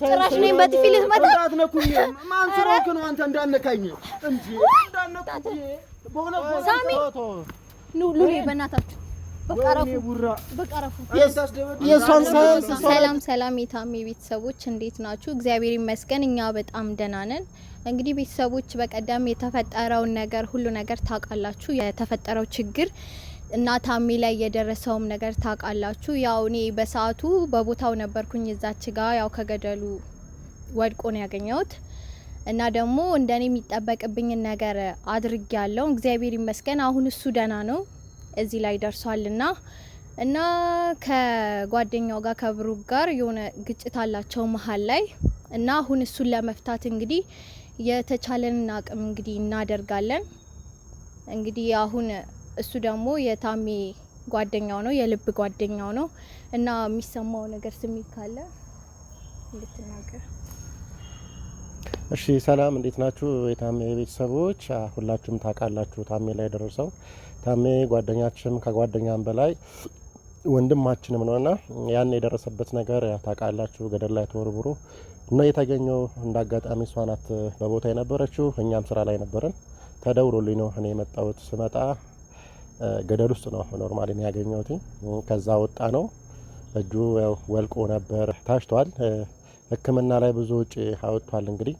ጭራሽ በጥፊ ማን ስለሆንክ ነው አንተ እንዳነካኝ? እንጂ ሳሚ ሉሌ በእናታችሁ ሰላም ሰላም፣ የታሜ ቤተሰቦች እንዴት ናችሁ? እግዚአብሔር ይመስገን እኛ በጣም ደህና ነን። እንግዲህ ቤተሰቦች በቀደም የተፈጠረውን ነገር ሁሉ ነገር ታውቃላችሁ፣ የተፈጠረው ችግር እና ታሜ ላይ የደረሰውም ነገር ታውቃላችሁ። ያው እኔ በሰዓቱ በቦታው ነበርኩኝ እዛች ጋ ያው ከገደሉ ወድቆ ነው ያገኘሁት። እና ደግሞ እንደኔ የሚጠበቅብኝን ነገር አድርጌ ያለው እግዚአብሔር ይመስገን። አሁን እሱ ደህና ነው እዚህ ላይ ደርሷል። ና እና ከጓደኛው ጋር ከብሩክ ጋር የሆነ ግጭት አላቸው መሀል ላይ እና አሁን እሱን ለመፍታት እንግዲህ የተቻለንን አቅም እንግዲህ እናደርጋለን እንግዲህ አሁን እሱ ደግሞ የታሜ ጓደኛው ነው፣ የልብ ጓደኛው ነው እና የሚሰማው ነገር ስሜት ካለ እንድትናገር። እሺ ሰላም፣ እንዴት ናችሁ የታሜ ቤተሰቦች? ሁላችሁም ታውቃላችሁ ታሜ ላይ ደረሰው። ታሜ ጓደኛችንም ከጓደኛም በላይ ወንድማችንም ነው እና ያን የደረሰበት ነገር ታውቃላችሁ። ገደል ላይ ተወርብሮ ነው የተገኘው። እንዳጋጣሚ እሷ ናት በቦታ የነበረችው፣ እኛም ስራ ላይ ነበረን። ተደውሎልኝ ነው እኔ የመጣሁት። ስመጣ ገደል ውስጥ ነው ኖርማል ያገኘሁት። ከዛ ወጣ ነው እጁ ወልቆ ነበር፣ ታሽቷል። ሕክምና ላይ ብዙ ውጭ አወጥቷል። እንግዲህ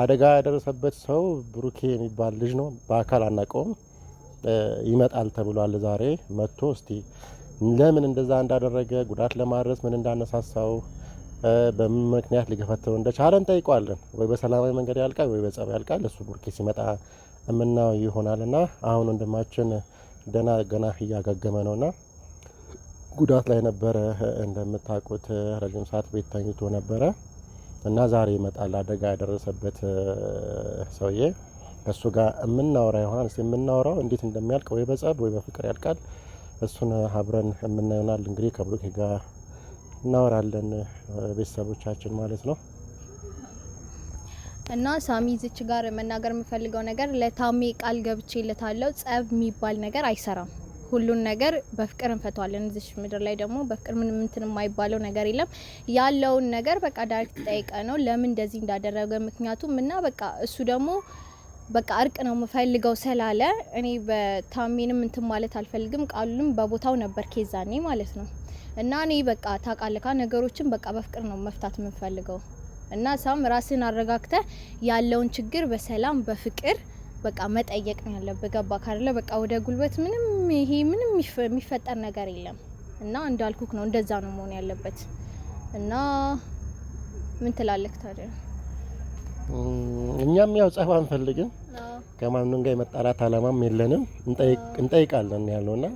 አደጋ ያደረሰበት ሰው ብሩኬ የሚባል ልጅ ነው። በአካል አናውቀውም። ይመጣል ተብሏል። ዛሬ መጥቶ እስቲ ለምን እንደዛ እንዳደረገ ጉዳት ለማድረስ ምን እንዳነሳሳው በምን ምክንያት ሊገፈትረው እንደቻለ እንጠይቀዋለን። ወይ በሰላማዊ መንገድ ያልቃል፣ ወይ በጸብ ያልቃል። እሱ ቡርኬ ሲመጣ የምናየው ይሆናል ና አሁን ወንድማችን ደና ገና እያገገመ ነውና ጉዳት ላይ ነበረ። እንደምታውቁት ረዥም ሰዓት ቤት ተኝቶ ነበረ እና ዛሬ ይመጣል አደጋ ያደረሰበት ሰውዬ። እሱ ጋር የምናወራ ይሆናል። እስ የምናወራው እንዴት እንደሚያልቅ ወይ በጸብ ወይ በፍቅር ያልቃል። እሱን አብረን የምናይሆናል እንግዲህ ከብሩኬ ጋር እናወራለን ቤተሰቦቻችን ማለት ነው። እና ሳሚ ዝች ጋር መናገር የምፈልገው ነገር ለታሜ ቃል ገብቼለታለሁ። ጸብ የሚባል ነገር አይሰራም። ሁሉን ነገር በፍቅር እንፈተዋለን። እዚች ምድር ላይ ደግሞ በፍቅር ምንም እንትን የማይባለው ነገር የለም። ያለውን ነገር በቃ ዳይሬክት ጠይቀ ነው ለምን እንደዚህ እንዳደረገ ምክንያቱም እና በቃ እሱ ደግሞ በቃ እርቅ ነው የምፈልገው ስላለ እኔ በታሜንም እንትን ማለት አልፈልግም። ቃሉም በቦታው ነበር ኬዛኔ ማለት ነው እና እኔ በቃ ታቃልካ ነገሮችን በቃ በፍቅር ነው መፍታት የምንፈልገው እና ሳም ራስን አረጋግተ ያለውን ችግር በሰላም በፍቅር በቃ መጠየቅ ነው ያለብህ። ገባ ካለ በቃ ወደ ጉልበት ምንም ይሄ ምንም የሚፈጠር ነገር የለም። እና እንዳልኩክ ነው እንደዛ ነው መሆን ያለበት። እና ምን ትላለክ ታዲያ? እኛም ያው ጸብ አንፈልግም። ከማንም ጋር የመጣላት አላማም የለንም። እንጠይቃለን ያለውና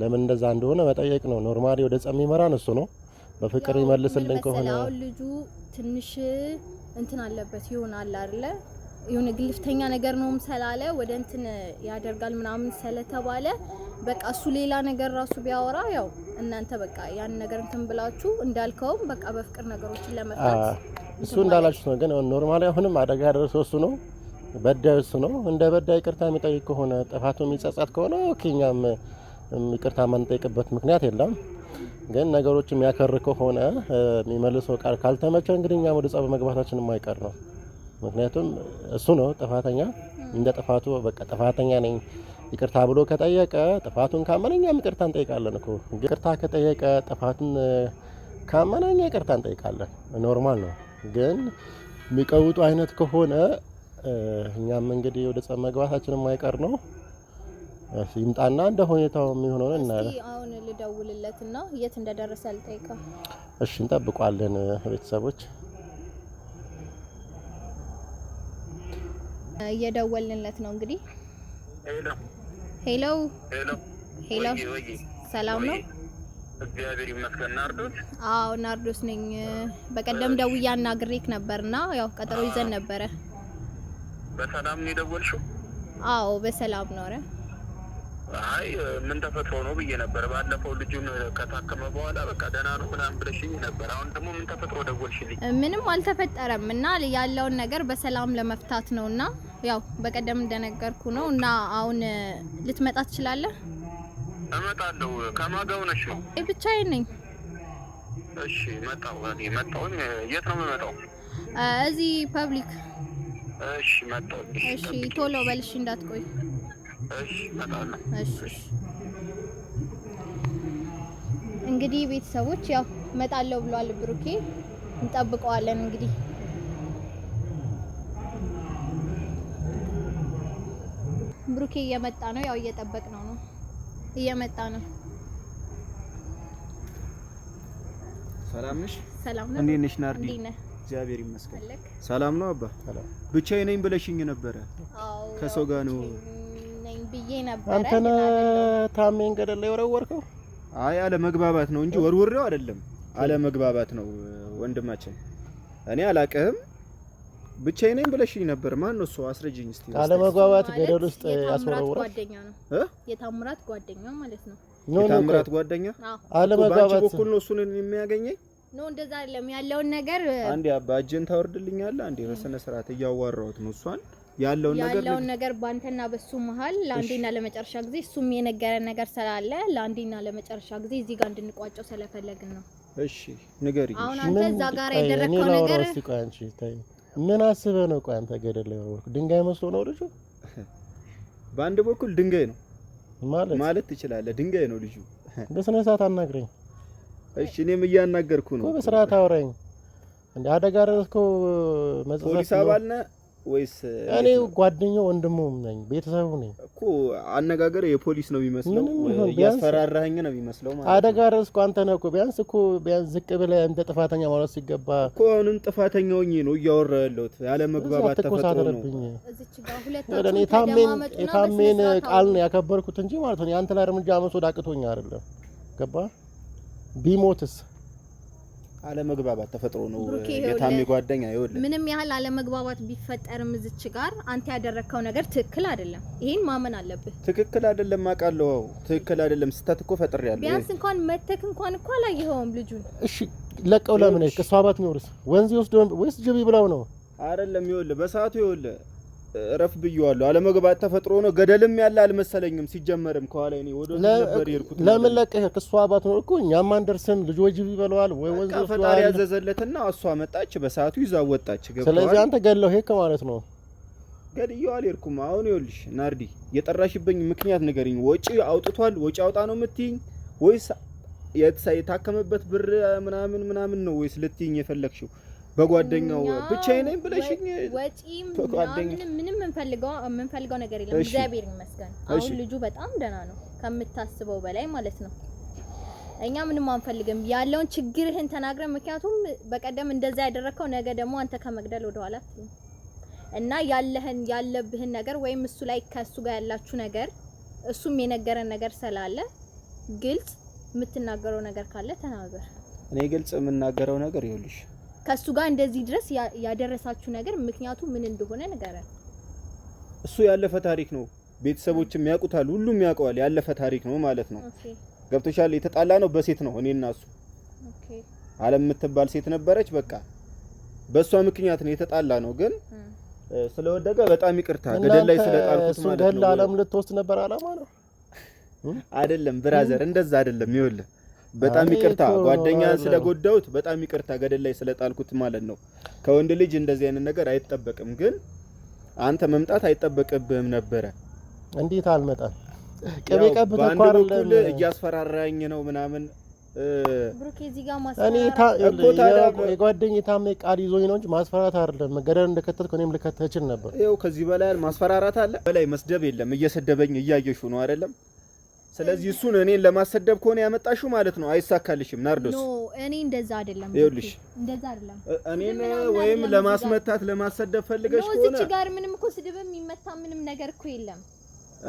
ለምን እንደዛ እንደሆነ መጠየቅ ነው። ኖርማሊ ወደ ጸብ የሚመራን እሱ ነው። በፍቅር ይመልስልን ከሆነ ልጁ ትንሽ እንትን አለበት ይሆናል አይደለ? የሆነ ግልፍተኛ ነገር ነውም ስላለ ወደ እንትን ያደርጋል ምናምን ስለተባለ በቃ እሱ ሌላ ነገር ራሱ ቢያወራ ያው እናንተ በቃ ያን ነገር እንትን ብላችሁ እንዳልከውም በቃ በፍቅር ነገሮችን ለመፍታት እሱ እንዳላችሁ ነው። ግን ኖርማሊ አሁንም አደጋ ያደረሰው እሱ ነው፣ በዳዩ እሱ ነው። እንደ በዳይ ይቅርታ የሚጠይቅ ከሆነ ጥፋቱ የሚጸጸት ከሆነ ኦኬ፣ እኛም ይቅርታ የማንጠይቅበት ምክንያት የለም። ግን ነገሮች የሚያከር ከሆነ የሚመልሰው ቃል ካልተመቸ እንግዲህ እኛም ወደ ጸብ መግባታችን የማይቀር ነው። ምክንያቱም እሱ ነው ጥፋተኛ። እንደ ጥፋቱ በቃ ጥፋተኛ ነኝ ይቅርታ ብሎ ከጠየቀ ጥፋቱን ካመነ እኛም ይቅርታ እንጠይቃለን እኮ። ይቅርታ ከጠየቀ ጥፋቱን ካመነ እኛ ይቅርታ እንጠይቃለን። ኖርማል ነው። ግን የሚቀውጡ አይነት ከሆነ እኛም እንግዲህ ወደ ጸብ መግባታችን የማይቀር ነው። ይምጣና እንደ ሁኔታው የሚሆነውን እናያለን። አሁን ልደውልለትና የት እንደደረሰ ልጠይቀው። እሺ እንጠብቋለን ቤተሰቦች እየደወልንለት ነው እንግዲህ። ሄሎ ሄሎ፣ ሄሎ፣ ሰላም ነው? እግዚአብሔር ይመስገን። ናርዶስ? አዎ ናርዶስ ነኝ። በቀደም ደውዬ ግሪክ ነበርና ያው ቀጠሮ ይዘን ነበረ። በሰላም ነው የደወልሽው? አዎ በሰላም ነው። አረ አይ ምን ተፈጥሮ ነው ብዬ ነበር። ባለፈው ልጁን ከታከመ በኋላ በቃ ደህና ነው ምናምን ብለሽኝ ነበር። አሁን ደግሞ ምን ተፈጥሮ ደወልሽልኝ? ምንም አልተፈጠረም እና ያለውን ነገር በሰላም ለመፍታት ነው እና ያው በቀደም እንደነገርኩ ነው እና አሁን ልትመጣ ትችላለህ? እመጣለሁ። ከማጋው ነሽ ነው? ብቻዬን ነኝ። እሺ መጣሁ። እኔ መጣሁኝ። የት ነው የምመጣው? እዚህ ፐብሊክ። እሺ መጣሁ። እሺ ቶሎ በልሽ እንዳትቆይ እንግዲህ ቤተሰቦች ያው እመጣለሁ ብሏል ብሩኬ፣ እንጠብቀዋለን እንግዲህ ብሩኬ እየመጣ ነው። ያው እየጠበቅ ነው ነው እየመጣ ነው። ሰላም ነሽ? ሰላም ነው። እንዴት ነሽ ናርዲ? እግዚአብሔር ይመስገን። ሰላም ነው አባ። ሰላም ብቻዬን ነኝ ብለሽኝ ነበረ። ከሰው ጋር ነው ብዬ ነበረ። አንተን ታሜን ገደል ላይ ወረወርከው? አይ አለመግባባት ነው እንጂ ወርውሬው አይደለም። አለመግባባት ነው ወንድማችን። እኔ አላቅህም ብቻዬን ነኝ ብለሽኝ ነበር። ማን ነው እሱ? አስረጅኝ እስቲ። አለመግባባት ገደል ውስጥ ያስወረወረ ጓደኛ ነው እ የታምራት ጓደኛ ማለት ነው። የታምራት ጓደኛ አለመግባባት በኩል ነው እሱን የሚያገኘኝ ነው። እንደዛ አይደለም ያለውን ነገር አንዴ አባ እጅን ታወርድልኛለህ። አንዴ በስነ ስርዓት እያዋራሁት ነው እሷን ያለውን ነገር ያለውን ነገር ባንተና በሱ መሀል ለአንዴና ለመጨረሻ ጊዜ እሱም የነገረን ነገር ስላለ ለአንዴና ለመጨረሻ ጊዜ እዚህ ጋር እንድንቋጨው ስለፈለግን ነው። እሺ ንገሪ። አሁን አንተ እዛ ጋር ያደረከው ነገር ምን አስበህ ነው? ቆይ አንተ ገደል ላይ ድንጋይ መስሎ ነው ልጁ። በአንድ በኩል ድንጋይ ነው ማለት ማለት ትችላለህ። ድንጋይ ነው ልጁ። በስነ ስርዓት አናግረኝ። እሺ እኔም እያናገርኩ ነው። በስርዓት አውራኝ። እንደ አደጋ ረስኮ መጽሐፍ ፖሊስ አባል ነህ ወይስ እኔ ጓደኛው ወንድሙ ነኝ፣ ቤተሰቡ ነኝ እኮ። አነጋገር የፖሊስ ነው የሚመስለው፣ እያስፈራራኸኝ ነው የሚመስለው። ማለት አደጋ ደረስኩ አንተ ነህ እኮ። ቢያንስ እኮ ቢያንስ ዝቅ ብለህ እንደ ጥፋተኛ ማለት ሲገባ እኮ አሁንም ጥፋተኛ ሆኜ ነው እያወራህ ያለሁት። ያለ መግባባት ተፈጥሮ ነው። የታሜን ቃል ነው ያከበርኩት እንጂ ማለት ነው። የአንተ ላይ እርምጃ መስወድ አቅቶኝ አይደለም። ገባህ? ቢሞትስ አለመግባባት ተፈጥሮ ነው። የታሚ ጓደኛ ይኸውልህ፣ ምንም ያህል አለመግባባት ቢፈጠርም እዚች ጋር አንተ ያደረግከው ነገር ትክክል አይደለም። ይሄን ማመን አለብህ። ትክክል አይደለም አውቃለሁ። ትክክል አይደለም። ስህተት እኮ ፈጥሬያለሁ። ቢያንስ እንኳን መተክ እንኳን እኮ አላየኸውም ልጁን። እሺ ለቀው ለምን ከሷ አባት ነው ወንዝ ይወስደው ወይስ ጅብ ይብላው ነው? አይደለም ይወል በሰዓቱ ይወል እረፍ ብየዋለሁ። አለመግባት ተፈጥሮ ነው። ገደልም ያለ አልመሰለኝም። ሲጀመርም ከኋላ እኔ ወደ ነበር የሄድኩት። ለምን ለቀህ? እሷ ባትኖር እኮ እኛም አንደርስም። ልጆች ይበለዋል ወይ ወንዝ ነው ፈጣሪ ያዘዘለትና እሷ መጣች፣ በሰዓቱ ይዛ ወጣች። ስለዚህ አንተ ገለው ሄድክ ማለት ነው። ገድየው አልሄድኩም። አሁን ይኸውልሽ ናርዲ፣ የጠራሽበኝ ምክንያት ንገሪኝ። ወጪ አውጥቷል፣ ወጪ አውጣ ነው የምትይኝ ወይስ የታከመበት ብር ምናምን ምናምን ነው ወይስ ልትይኝ የፈለግሽው? በጓደኛው ብቻዬን ነኝ ብለሽኝ ወጪም ምንም የምንፈልገው የምንፈልገው ነገር የለም። እግዚአብሔር ይመስገን። አሁን ልጁ በጣም ደህና ነው ከምታስበው በላይ ማለት ነው። እኛ ምንም አንፈልግም ያለውን ችግርህን ተናግረ። ምክንያቱም በቀደም እንደዛ ያደረከው ነገ ደግሞ አንተ ከመግደል ወደ ኋላ እና ያለህን ያለብህን ነገር ወይም እሱ ላይ ከሱ ጋር ያላችሁ ነገር እሱም የነገረን ነገር ስላለ ግልጽ የምትናገረው ነገር ካለ ተናገር። እኔ ግልጽ የምናገረው ነገር ይኸውልሽ ከእሱ ጋር እንደዚህ ድረስ ያደረሳችሁ ነገር ምክንያቱ ምን እንደሆነ ንገረን። እሱ ያለፈ ታሪክ ነው። ቤተሰቦችም ያውቁታል፣ ሁሉም ያውቀዋል። ያለፈ ታሪክ ነው ማለት ነው። ገብቶሻል። የተጣላ ነው በሴት ነው። እኔና እሱ አለም የምትባል ሴት ነበረች። በቃ በእሷ ምክንያት ነው የተጣላ ነው። ግን ስለወደቀ በጣም ይቅርታ ገደል ላይ ስለጣልኩት ማለት ነው። አለም ልትወስድ ነበር አላማ ነው አይደለም፣ ብራዘር እንደዛ አይደለም። ይኸውልህ በጣም ይቅርታ ጓደኛ ስለጎዳሁት፣ በጣም ይቅርታ ገደል ላይ ስለጣልኩት ማለት ነው። ከወንድ ልጅ እንደዚህ አይነት ነገር አይጠበቅም፣ ግን አንተ መምጣት አይጠበቅብህም ነበረ። እንዴት አልመጣም? ቅቤ ቀብተህ እኮ አይደለም እያስፈራራኝ ነው ምናምን የጓደኝ የታመ ቃል ይዞኝ ነው እንጂ ማስፈራራት አይደለም። መገደል እንደከተትኩ እኔም ልከተችል ነበር። ይኸው ከዚህ በላይ ማስፈራራት አለ በላይ መስደብ የለም። እየሰደበኝ እያየሹ ነው አይደለም ስለዚህ እሱን እኔን ለማሰደብ ከሆነ ያመጣሹ ማለት ነው። አይሳካልሽም ናርዶስ። እኔ እንደዛ አይደለም፣ ይኸውልሽ፣ እንደዛ አይደለም። እኔን ወይም ለማስመታት ለማሰደብ ፈልገሽ ከሆነ እዚች ጋር ምንም እኮ ስድብም የሚመታ ምንም ነገር እኮ የለም።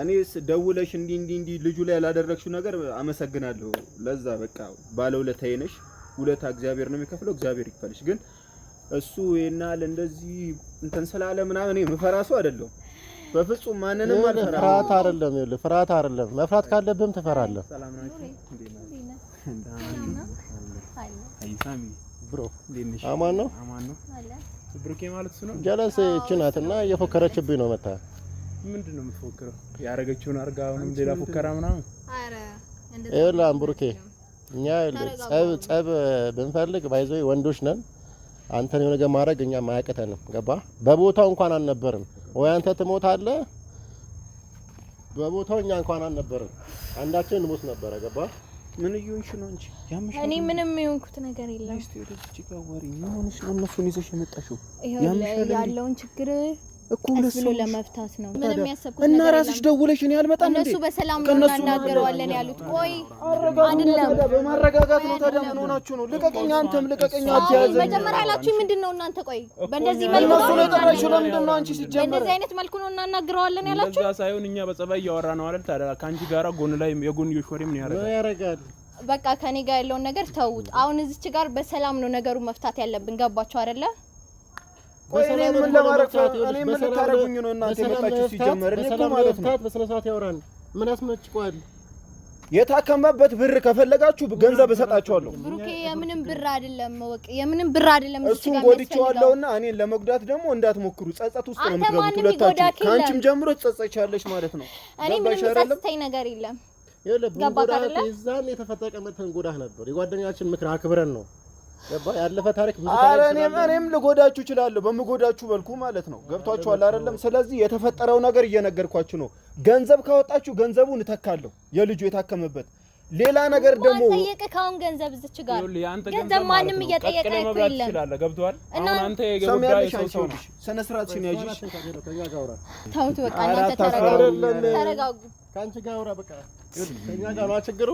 እኔስ ደውለሽ እንዲህ እንዲህ እንዲህ ልጁ ላይ ያላደረግሽው ነገር አመሰግናለሁ። ለዛ በቃ ባለውለታዬ ነሽ። ውለታ እግዚአብሔር ነው የሚከፍለው፣ እግዚአብሔር ይክፈልሽ። ግን እሱ ይናል እንደዚህ እንትን ስላለ ምናምን እኔ ምፈራ ሰው አይደለሁም። በፍጹም ማንንም አልፈራም። ፍርሃት አይደለም፣ ይኸውልህ ፍርሃት አይደለም። መፍራት ካለብህም ትፈራለህ። ብሮ አማን ነው ብሩኬ ማለት እሱ ነው። ጀለስ እቺ ናት እና እየፎከረችብኝ ነው። መታ ምንድን ነው የምትፎክረው? ያደረገችውን አድርጋ አሁንም ሌላ ፎከራ ምናምን። አረ ይኸውልህ ብሩኬ፣ እኛ ጸብ ጸብ ብንፈልግ ባይዘው ወንዶች ነን አንተን የሆነ ነገር ማድረግ እኛ ማያቅተንም። ገባ በቦታው እንኳን አልነበርም ወይ አንተ ትሞታለህ። በቦታው እኛ እንኳን አልነበርም። አንዳችን እንሞት ነበረ። ገባ ምን እየሆንሽ ነው እንጂ ያምሻል። እኔ ምንም የሆንኩት ነገር የለም። እስቲ ወደ እዚህ ጋር ወሬ ምን ሆነሽ ነው እነሱን ይዘሽ የመጣሽው? ያለውን ችግር እኮ ብሎ ለመፍታት ነው ምንም ያሰብኩት እና ራስሽ ደውለሽ እኔ አልመጣም እንዴ? እነሱ በሰላም ነው እናናገረዋለን ያሉት። ቆይ አይደለም በማረጋጋት ነው። ታዲያ ምን ሆናችሁ ነው? ልቀቀኝ፣ አንተም ልቀቀኝ። አትያዘኝ። መጀመሪያ አላችሁኝ ምንድን ነው እናንተ? ቆይ በእንደዚህ መልኩ ነው እነሱ ለጠራሽ ለምንድን ነው አንቺ? ሲጀመር በእንደዚህ አይነት መልኩ ነው እናናግረዋለን ያላችሁ። እዛ ሳይሆን እኛ በጸባይ እያወራ ነው አይደል? ታዲያ ከአንቺ ጋራ ጎን ላይ የጎንዮሽ ወሬ ምን ያረጋል በቃ ከኔ ጋር ያለውን ነገር ተውት። አሁን እዚች ጋር በሰላም ነው ነገሩ መፍታት ያለብን። ገባችሁ አይደለ? የታከመበት ብር ከፈለጋችሁ ገንዘብ እሰጣችኋለሁ። ብሩኬ የምንም ብር አይደለም፣ ወቅ የምንም ብር አይደለም። እሱን ጎድቼዋለሁና እኔን ለመጉዳት ደግሞ እንዳትሞክሩ። ጸጸት ውስጥ ነው የምትገቡት ሁለታችሁ። ከአንቺም ጀምሮ ትጸጸቻለሽ ማለት ነው። እኔ ምንም ጸጸተኝ ነገር የለም። ይኸውልህ ብሩኬ የዛን የተፈጠቀመትን ጎዳህ ነበር። የጓደኛችን ምክር አክብረን ነው ያለፈ ታሪክ ብዙ ታሪክ አረ እኔም እኔም ልጎዳችሁ እችላለሁ በምጎዳችሁ መልኩ ማለት ነው። ገብቷችኋል አይደለም? ስለዚህ የተፈጠረው ነገር እየነገርኳችሁ ነው። ገንዘብ ካወጣችሁ ገንዘቡን እተካለሁ፣ የልጁ የታከመበት ሌላ ነገር ደግሞ ጠየቀ ካሁን ገንዘብ እዚች ጋር ገንዘብ ማንም እየጠየቀ እኮ የለም። ገብቷል አሁን አንተ የገቡዳ የሰው ስነ ስርዓት ሲያይሽ ተውት፣ በቃ እናንተ ተረጋጉ። ከአንቺ ጋር አውራ በቃ ከኛ ጋር ነው ችግሩ።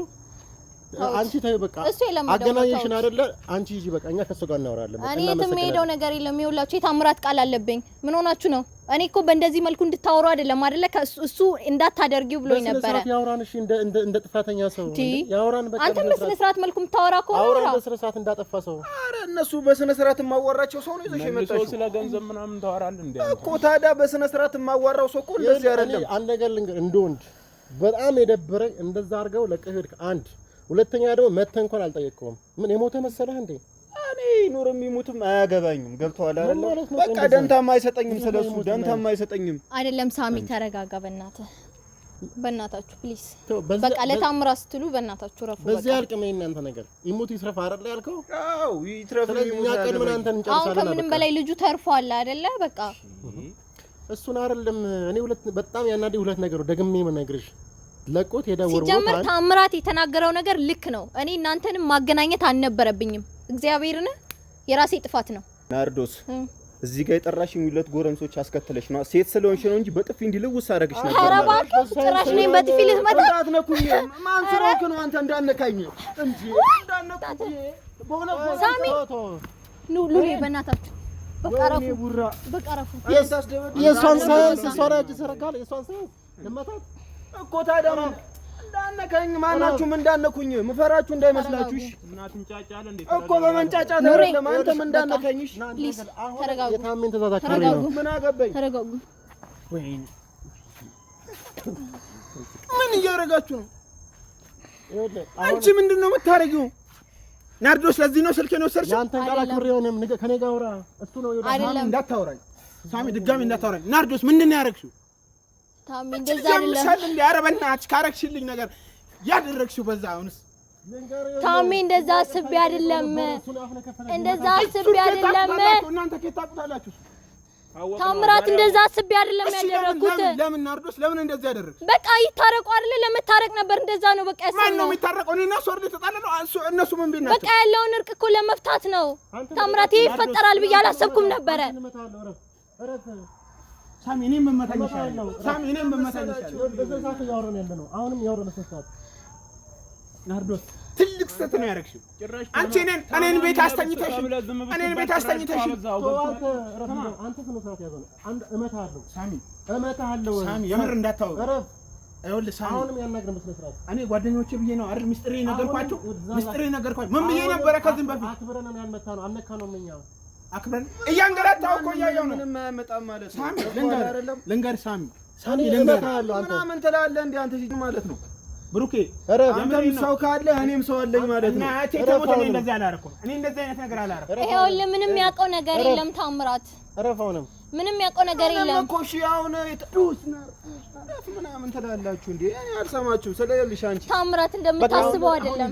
አንቺ ተይው በቃ እሱ የለም አገናኝሽን አይደለ አንቺ ሂጂ በቃ እኛ ከሱ ጋር እናወራለን እኔ የትም የምሄደው ነገር የለም ይኸውላችሁ የታምራት ቃል አለብኝ ምን ሆናችሁ ነው እኔ እኮ በእንደዚህ መልኩ እንድታወሩ አይደለም አይደለ እሱ እንዳታደርጊው ብሎኝ ነበረ ያወራን እሺ እንደ እንደ ጥፋተኛ ሰው ያወራን በቃ አንተ በስነ ስርዓት መልኩ የምታወራ ከሆነ አውራ በስነ ስርዓት እንዳጠፋ ሰው አረ እነሱ በስነ ስርዓት የማዋራቸው ሰው ነው ይዘሽ የመጣሽ ስለ ገንዘብ ምናምን ታወራለህ እንዴ እኮ ታዲያ በስነ ስርዓት የማዋራው ሰው እኮ እንደዚህ አይደለም አንድ ነገር ልንገር እንደ ወንድ በጣም የደበረኝ እንደዛ አድርገው ለቀህ ሄድክ አንድ ሁለተኛ ደግሞ መተህ እንኳን አልጠየቅከውም። ምን የሞተ መሰለህ እንዴ? እኔ ኑሮም ይሙትም አያገባኝም። ገብቶሃል አይደል? በቃ ደንታማ አይሰጠኝም፣ ስለሱ ደንታማ አይሰጠኝም። አይደለም ሳሚ ተረጋጋ፣ በእናትህ በእናታችሁ ፕሊስ፣ በቃ ለታምራ ስትሉ በእናታችሁ ረፉ። በዚህ አልቅም የእናንተ ነገር። ይሙት ይስረፍ አይደል ያልከው? አዎ ይትረፍ። እኛ ቀድመን አንተን እንጨርሳለን። አሁን ከምንም በላይ ልጁ ተርፏል አይደለ? በቃ እሱን አይደለም እኔ ሁለት በጣም ያናደኝ ሁለት ነገር ደግሜ መነግርሽ ለቆት ሄደ። ሲጀምር ታምራት የተናገረው ነገር ልክ ነው። እኔ እናንተንም ማገናኘት አልነበረብኝም። እግዚአብሔርን የራሴ ጥፋት ነው። ናርዶስ እዚህ ጋር የጠራሽኝ ሁለት ጎረምሶች አስከተለሽ ነው። ሴት ስለሆንሽ ነው እንጂ በጥፊ እንዲልውስ አደረግሽ ነበር። ኧረ እባክህ ጭራሽ ነኝ በጥፊ ልትመጣ ነኩኝ። ማን ስለሆንክ ነው አንተ እንዳነካኝ እንጂ እንዳነኩኝ። ሳሚ ኑሉ በእናታችሁ በቃ ረፉ። የእሷን ሳይንስ እሷ ላይ እጅ ሰረጋል። የእሷን ሳይንስ ልመታት እኮ ታዲያ እንዳነካኝ ማናችሁም እንዳነኩኝ ምፈራችሁ እንዳይመስላችሁ እኮ በመንጫጫት አይደለም። አንተም እንዳነካኝ ምን አገባኝ? ምን እያደረጋችሁ ነው? አንቺ ምንድን ነው የምታደርጊው? ናርዶስ ለዚህ ነው ስልኬን ወሰድሽ። አንተን ቃል አክብሬ ሆነም ከኔ ጋር አውራ። እሱ ነው እንዳታወራኝ ሳሚ፣ ድጋሚ እንዳታወራኝ ናርዶስ። ምንድን ነው ያደረግሽው? ታሚ እንደዛ አይደለም። ኧረ በእናትሽ ካረግሽልኝ ነገር ያደረግሽው በዛ። አሁንስ ታሚ እንደዛ አስቤ አይደለም፣ እንደዛ አስቤ አይደለም። እናንተ ከየት ታምራት እንደዛ አስቤ አይደለም ያደረኩት። ለምን ናርዶስ፣ ለምን እንደዚህ ያደረግሽ? በቃ ይታረቁ አይደለ? ለመታረቅ ነበር። እንደዛ ነው በቃ ያሰብነው። ማን የሚታረቀው? እኔ እና እሱ አይደል የተጣላነው? እነሱ ምን ቤት በቃ ያለውን እርቅ እኮ ለመፍታት ነው። ታምራት፣ ይሄ ይፈጠራል ብዬ አላሰብኩም ነበረ። ሳሚ እኔ ብመታኝ ይሻላል። ሳሚ በዛ ሰዓት እያወራን ያለ ነው። አሁንም እያወራን ሰዓት ናርዶስ ትልቅ ስህተት ነው ያደረግሽው። አንቺ እኔን እኔን ቤት አስተኝተሽ እኔን ቤት አስተኝተሽ አንተ ስነ ስርዓት ያዘ ነው። አንድ እመታለሁ ሳሚ፣ እመታለሁ ሳሚ። የምር ይኸውልህ ሳሚ፣ አሁንም ያናግረን በስነ ስርዓት። እኔ ጓደኞቼ ብዬ ነው አይደል ምስጢሬ ነገርኳቸው፣ ምስጢሬ ነገርኳቸው። ምን ብዬ ነበረ ከዚህም በፊት አክብረን ያልመታ ነው አልነካ ነው አክብረን እያንገላታሁ እኮ እያየሁ ነው። ምንም አያመጣም ማለት ነው። ልንገርህ ሳሚ ሳሚ ልንገርህ ምናምን ትላለህ እንደ አንተ ሲጅ ማለት ነው። ብሩኬ አንተም ሰው ካለ እኔም ሰው አለኝ ማለት ነው። ተሞት እኔ እንደዚህ አላደረኩም። እኔ እንደዚህ አይነት ነገር አላደረኩም። ይኸውልህ ምንም ያውቀው ነገር የለም ታምራት ረፋውንም ምንም ያውቀው ነገር የለም እኮ እሺ። አሁን ዱስ ምናምን ትላላችሁ እንዴ? እኔ አልሰማችሁም። ስለሌልሽ አንቺ ታምራት እንደምታስበው አይደለም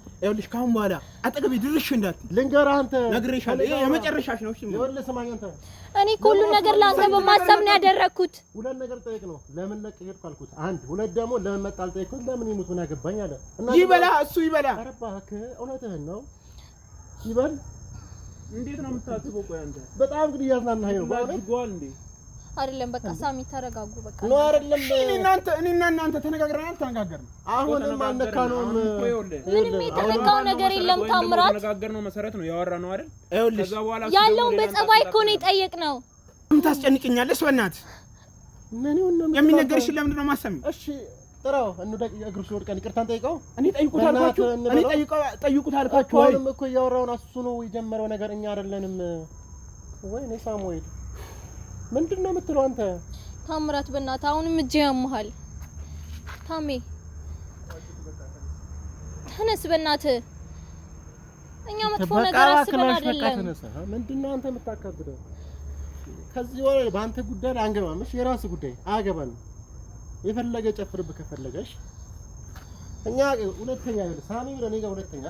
ይኸውልሽ ካሁን በኋላ አጠገቤ ድርሽ እንዳት ልንገርህ አንተ ነግሬሻለሁ። ይሄ የመጨረሻሽ ነው። እሺ ይኸውልህ ስማኝ፣ አንተ እኔ እኮ ሁሉን ነገር ለአንተ በማሰብ ነው ያደረግኩት። ሁለት ነገር ጠይቅ ነው ለምን ለቅ ሄድኩ አልኩት። አንድ ሁለት ደግሞ ለምን መጣ አልጠየቅኩት። ለምን ይሙት ምን አገባኝ አለ። ይበላ እሱ ይበላ። ኧረ እባክህ እውነትህን ነው ይበል። እንዴት ነው የምታስበው? ቆይ አንተ በጣም እንግዲህ እያዝናናኸኝ ነው። እንዴ አይደለም በቃ ሳሚ ተረጋጉ። በቃ ነው አይደለም። እኔ እናንተ እኔ እና እናንተ ተነጋግረን አልተነጋገርንም። አሁንም አልነካነውም። ምንም የተነካው ነገር የለም። ታምራት ተነጋገርነው መሰረት ነው ያወራነው አይደል? ከዛ በኋላ ያለውን በጸባይ እኮ ነው የጠየቅነው። ምን ታስጨንቅኛለሽ? በእናትህ ምን ነው ነው የሚነገርሽ? ለምንድን ነው የማሰሚው? እሺ ጥራው እንደቅ እግሩ ሲወድቅ ይቅርታን ጠይቀው። እኔ ጠይቁት አልኳችሁ። እኔ ጠይቀው ጠይቁት አልኳችሁ። አሁንም እኮ እያወራውን እሱ ነው የጀመረው ነገር እኛ አይደለንም ወይ ነው ሳሙኤል ምንድን ነው የምትለው አንተ? ታምራት በእናትህ አሁንም እጅህ ያመሃል። ታሜ ተነስ በእናትህ። እኛ መጥፎ ነገር አስበን አይደለም። ተነስ። ምንድን ነው አንተ የምታካብደው? ከዚህ ወር በአንተ ጉዳይ አንገባም። እሺ፣ የራስህ ጉዳይ አያገባንም። የፈለገ ጨፍርብህ ከፈለገሽ እኛ ሁለተኛ ሳሚ ብለን እኔ ጋር ሁለተኛ